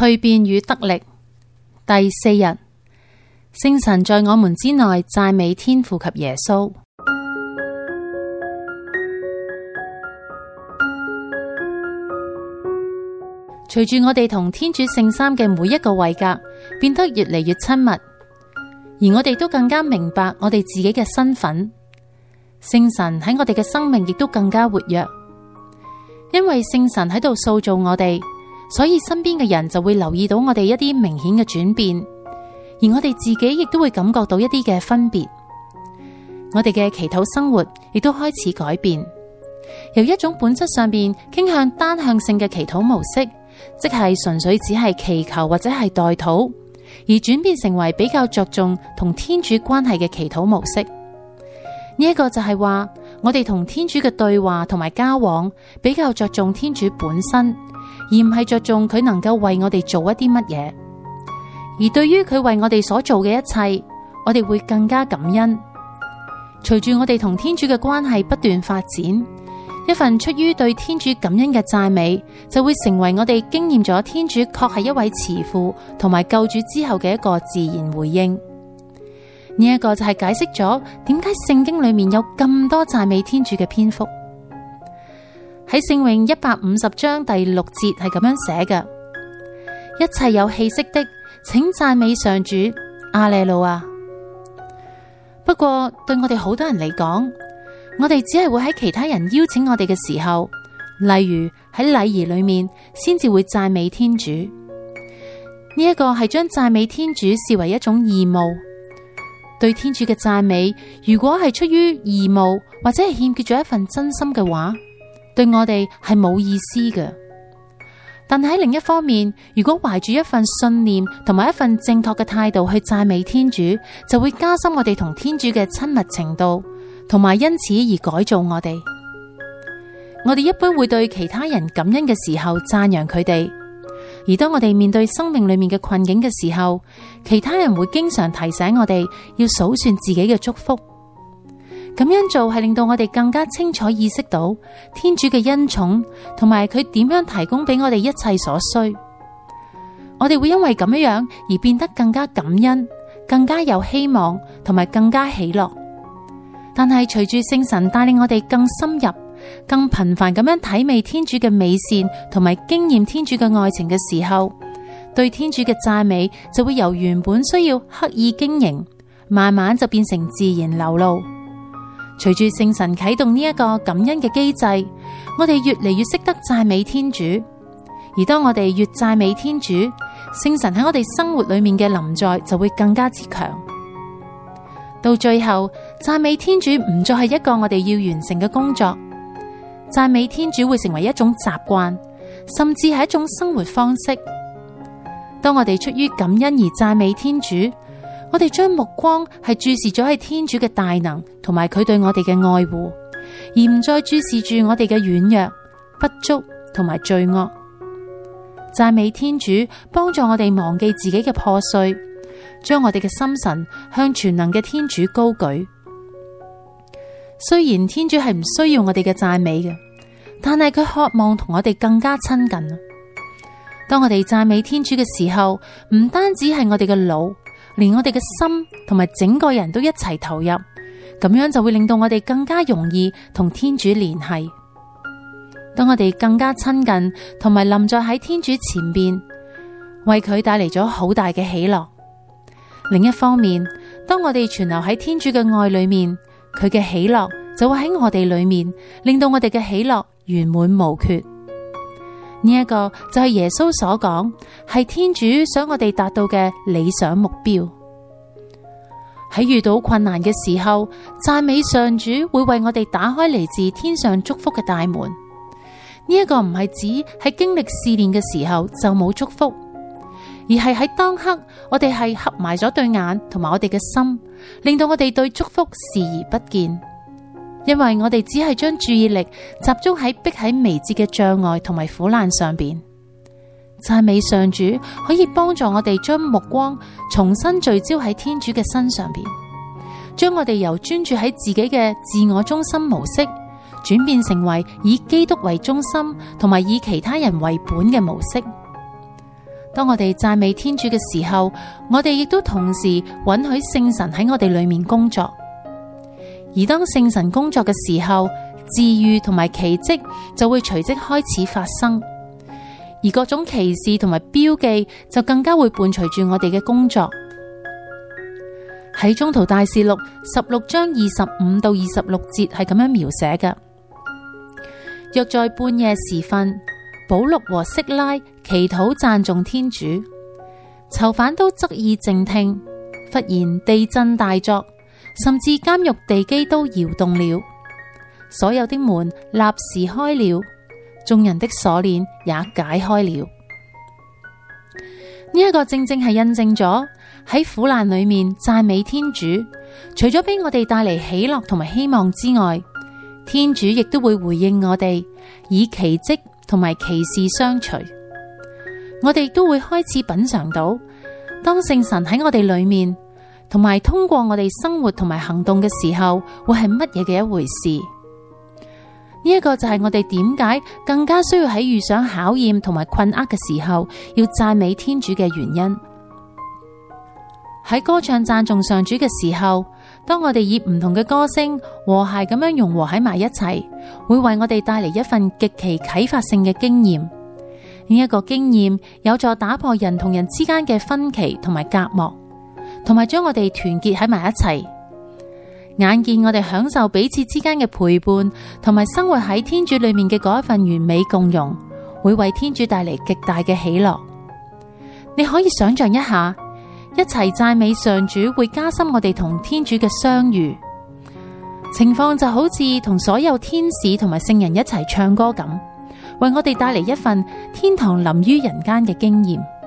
蛻變與得力第四日，聖神在我們之內讚美天父及耶穌。隨住我哋同天主聖三嘅每一個位格變得越嚟越親密，而我哋都更加明白我哋自己嘅身份。聖神喺我哋嘅生命亦都更加活躍，因為聖神喺度塑造我哋。所以身邊嘅人就會留意到我哋一啲明顯嘅轉變，而我哋自己亦都會感覺到一啲嘅分別。我哋嘅祈禱生活亦都開始改變，由一種本質上邊傾向單向性嘅祈禱模式，即係純粹只係祈求或者係代禱，而轉變成為比較着重同天主關係嘅祈禱模式。呢、這、一個就係話我哋同天主嘅對話同埋交往比較着重天主本身。而唔係着重佢能夠為我哋做一啲乜嘢，而對於佢為我哋所做嘅一切，我哋會更加感恩。隨住我哋同天主嘅關係不斷發展，一份出於對天主感恩嘅讚美，就會成為我哋經驗咗天主確係一位慈父同埋救主之後嘅一個自然回應。呢、這、一個就係解釋咗點解聖經裏面有咁多讚美天主嘅篇幅。喺聖詠一百五十章第六節係咁樣寫嘅：「一切有氣息的，請讚美上主。」亞肋路亞。不過對我哋好多人嚟講，我哋只係會喺其他人邀請我哋嘅時候，例如喺禮儀裏面，先至會讚美天主。呢一個係將讚美天主視為一種義務。對天主嘅讚美，如果係出於義務或者係欠缺咗一份真心嘅話。對我哋係冇意思嘅，但喺另一方面，如果懷住一份信念同埋一份正確嘅態度去讚美天主，就會加深我哋同天主嘅親密程度，同埋因此而改造我哋。我哋一般會對其他人感恩嘅時候讚揚佢哋，而當我哋面對生命裏面嘅困境嘅時候，其他人會經常提醒我哋要數算自己嘅祝福。咁樣做係令到我哋更加清楚意識到天主嘅恩寵，同埋佢點樣提供俾我哋一切所需。我哋會因為咁樣而變得更加感恩，更加有希望，同埋更加喜樂。但係隨住聖神帶領我哋更深入、更頻繁咁樣體味天主嘅美善，同埋經驗天主嘅愛情嘅時候，對天主嘅讚美就會由原本需要刻意經營，慢慢就變成自然流露。隨住聖神啟動呢一個感恩嘅機制，我哋越嚟越識得讚美天主。而當我哋越讚美天主，聖神喺我哋生活裏面嘅臨在就會更加之強。到最後，讚美天主唔再係一個我哋要完成嘅工作，讚美天主會成為一種習慣，甚至係一種生活方式。當我哋出於感恩而讚美天主，我哋將目光係注視咗係天主嘅大能同埋佢對我哋嘅愛護，而唔再注視住我哋嘅軟弱、不足同埋罪惡。讚美天主，幫助我哋忘記自己嘅破碎，將我哋嘅心神向全能嘅天主高舉。雖然天主係唔需要我哋嘅讚美嘅，但係佢渴望同我哋更加親近。當我哋讚美天主嘅時候，唔單止係我哋嘅腦。連我哋嘅心同埋整個人都一齊投入，咁樣就會令到我哋更加容易同天主聯繫。當我哋更加親近同埋臨在喺天主前邊，為佢帶嚟咗好大嘅喜樂。另一方面，當我哋存留喺天主嘅愛裏面，佢嘅喜樂就會喺我哋裏面，令到我哋嘅喜樂圓滿無缺。呢一個就係耶穌所講，係天主想我哋達到嘅理想目標。喺遇到困難嘅時候，讚美上主會為我哋打開嚟自天上祝福嘅大門。呢一個唔係指喺經歷試煉嘅時候就冇祝福，而係喺當刻我哋係合埋咗對眼同埋我哋嘅心，令到我哋對祝福視而不見。因為我哋只係將注意力集中喺迫在眉睫嘅障礙同埋苦難上邊，讚美上主可以幫助我哋將目光重新聚焦喺天主嘅身上邊，將我哋由專注喺自己嘅自我中心模式轉變成為以基督為中心同埋以，以其他人為本嘅模式。當我哋讚美天主嘅時候，我哋亦都同時允許聖神喺我哋裏面工作。而當聖神工作嘅時候，治愈同埋奇蹟就會隨即開始發生，而各種奇事同埋標記就更加會伴隨住我哋嘅工作。喺《宗徒大事錄》十六章二十五到二十六節係咁樣描寫嘅：若在半夜時分，保祿和息拉祈禱讚頌天主，囚犯都側耳靜聽，忽然地震大作。甚至監獄地基都搖動了，所有的門立時開了，眾人的鎖鏈也解開了。呢、這、一個正正係印證咗喺苦難裏面讚美天主，除咗俾我哋帶嚟喜樂同埋希望之外，天主亦都會回應我哋，以奇蹟同埋奇事相隨。我哋都會開始品嘗到，當聖神喺我哋裏面。同埋，通過我哋生活同埋行動嘅時候，會係乜嘢嘅一回事？呢一個就係我哋點解更加需要喺遇上考驗同埋困厄嘅時候，要讚美天主嘅原因。喺歌唱讚頌上主嘅時候，當我哋以唔同嘅歌聲和諧咁樣融合喺埋一齊，會為我哋帶嚟一份極其啟發性嘅經驗。呢一個經驗有助打破人同人之間嘅分歧同埋隔膜。同埋將我哋團結喺埋一齊，眼見我哋享受彼此之間嘅陪伴，同埋生活喺天主裏面嘅嗰一份完美共融，會為天主帶嚟極大嘅喜樂。你可以想象一下，一齊讚美上主會加深我哋同天主嘅相遇，情況就好似同所有天使同埋聖人一齊唱歌咁，為我哋帶嚟一份天堂臨於人間嘅經驗。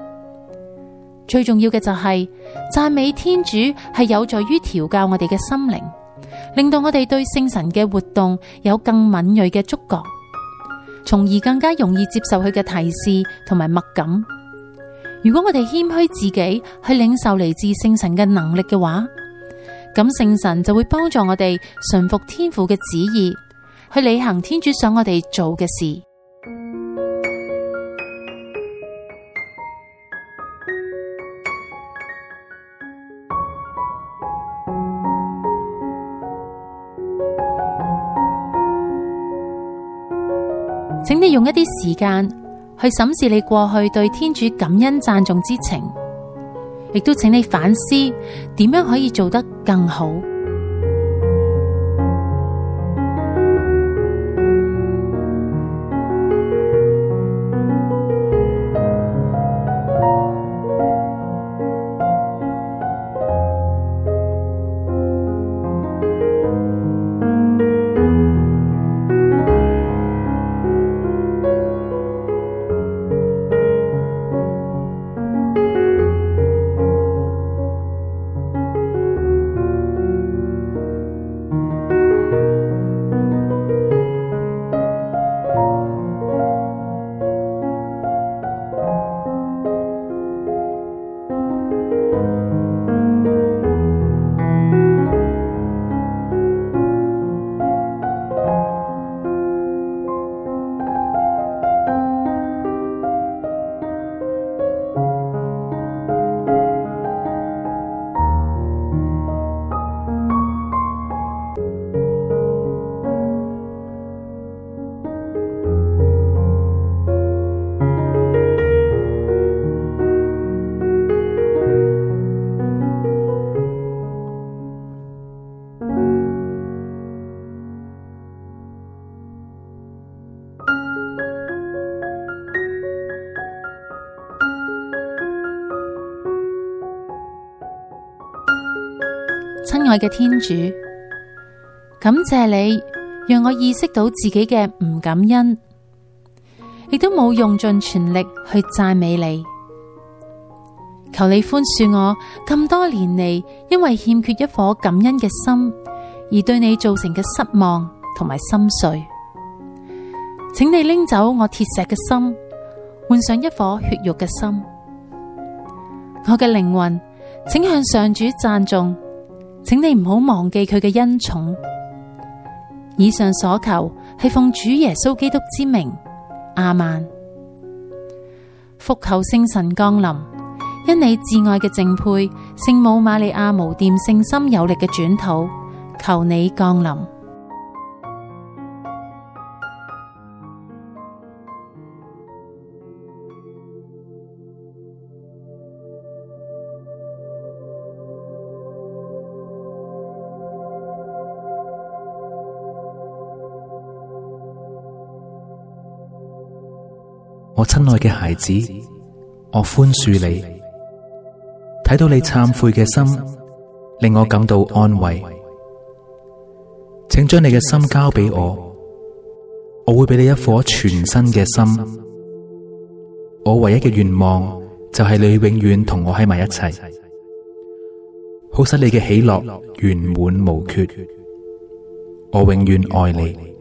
最重要嘅就係讚美天主，係有助於調教我哋嘅心靈，令到我哋對聖神嘅活動有更敏銳嘅觸覺，從而更加容易接受佢嘅提示同埋默感。如果我哋謙虛自己去領受嚟自聖神嘅能力嘅話，咁聖神就會幫助我哋順服天父嘅旨意，去履行天主想我哋做嘅事。請你用一啲時間去審視你過去對天主感恩讚頌之情，亦都請你反思點樣可以做得更好。愛嘅天主，感謝你讓我意識到自己嘅唔感恩，亦都冇用盡全力去讚美你。求你寬恕我咁多年嚟，因為欠缺一顆感恩嘅心，而對你造成嘅失望同埋心碎。請你拎走我鐵石嘅心，換上一顆血肉嘅心。我嘅靈魂，請向上主讚頌。請你唔好忘記佢嘅恩寵。以上所求係奉主耶穌基督之名，亞孟。伏求聖神降臨，因你至愛嘅淨配，聖母瑪利亞無玷聖心有力嘅轉禱，求你降臨。我親愛嘅孩子，我寬恕你，睇到你懺悔嘅心，令我感到安慰。請將你嘅心交俾我，我會俾你一顆全新嘅心。我唯一嘅願望就係你永遠同我喺埋一齊，好使你嘅喜樂圓滿無缺。我永遠愛你。